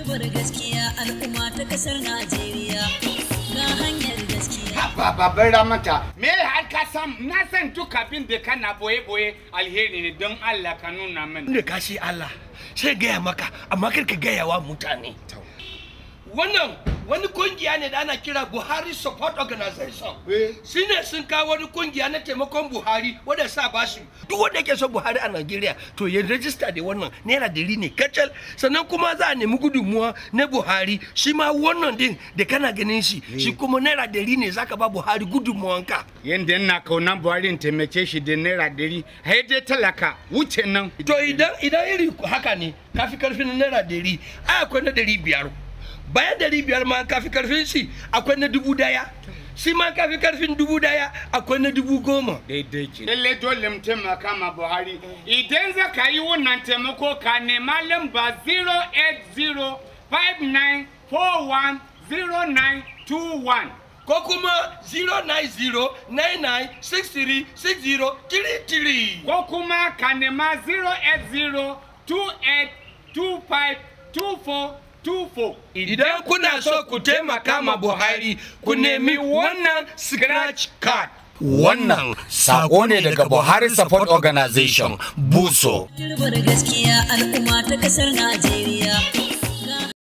turbar gaskiya al'umma ta kasar Najeriya. Ga hanyar gaskiya. ba babar ramata, me har ka san na san duk abin da kana boye-boye alheri ne don Allah ka nuna min. Da kashi Allah, sai gaya maka, amma kar ka gaya wa mutane. wannan wani kungiya ne da ana kira buhari support organization shi ne sun kawo wani kungiya na taimakon buhari wadda sa bashi duk wanda ke so buhari a nigeria to ya rajista da wannan naira dari ne kacal sannan kuma za a nemi gudunmuwa na buhari shi ma wannan din da kana ganin shi shi kuma naira dari ne zaka ba buhari gudunmuwanka ka ina kaunan buhari in taimake shi da naira dari har dai talaka wuce nan to idan idan iri haka ne kafi karfin naira dari a akwai na dari biyar bayan dari biyar ma kafi karfin shi akwai na dubu daya shi ma kafi karfin dubu daya akwai na dubu goma daidai ke lalle dole mu taimaka ma buhari idan za ka yi wannan taimako ka nema lamba 08059410921 ko kuma 09099636033 ko kuma ka nema 080282524 idan kuna so ku taimaka ma buhari ku nemi wannan scratch card wannan sako ne daga buhari support organization buso gaskiya al'umma ta kasar najeriya